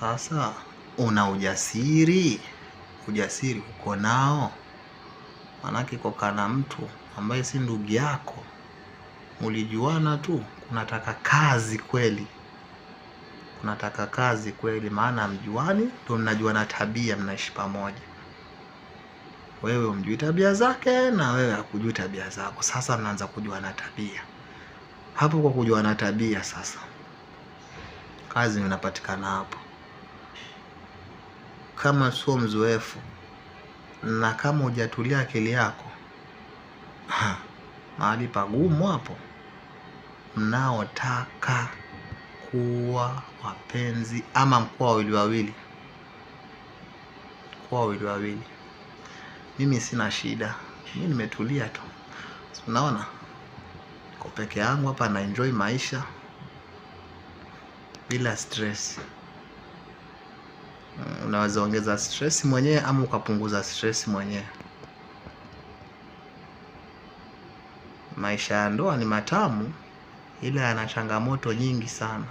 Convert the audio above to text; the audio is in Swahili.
Sasa una ujasiri? Ujasiri uko nao? Maanake koka na mtu ambaye si ndugu yako, ulijuana tu. Kunataka kazi kweli, kunataka kazi kweli, maana mjuani ndio mnajuana tabia, mnaishi pamoja. Wewe umjui tabia zake na wewe hakujui tabia zako. Sasa mnaanza kujua na tabia hapo. Kwa kujua na tabia, sasa kazi inapatikana hapo kama sio mzoefu na kama hujatulia akili yako ha, mahali pagumu hapo. Mnaotaka kuwa wapenzi ama mkuwa wawili wawili, kuwa wawili wawili, mimi sina shida, mimi nimetulia tu, unaona, niko peke yangu hapa na enjoy maisha bila stress unaweza ongeza stress mwenyewe ama ukapunguza stress mwenyewe. Maisha ya ndoa ni matamu, ila yana changamoto nyingi sana.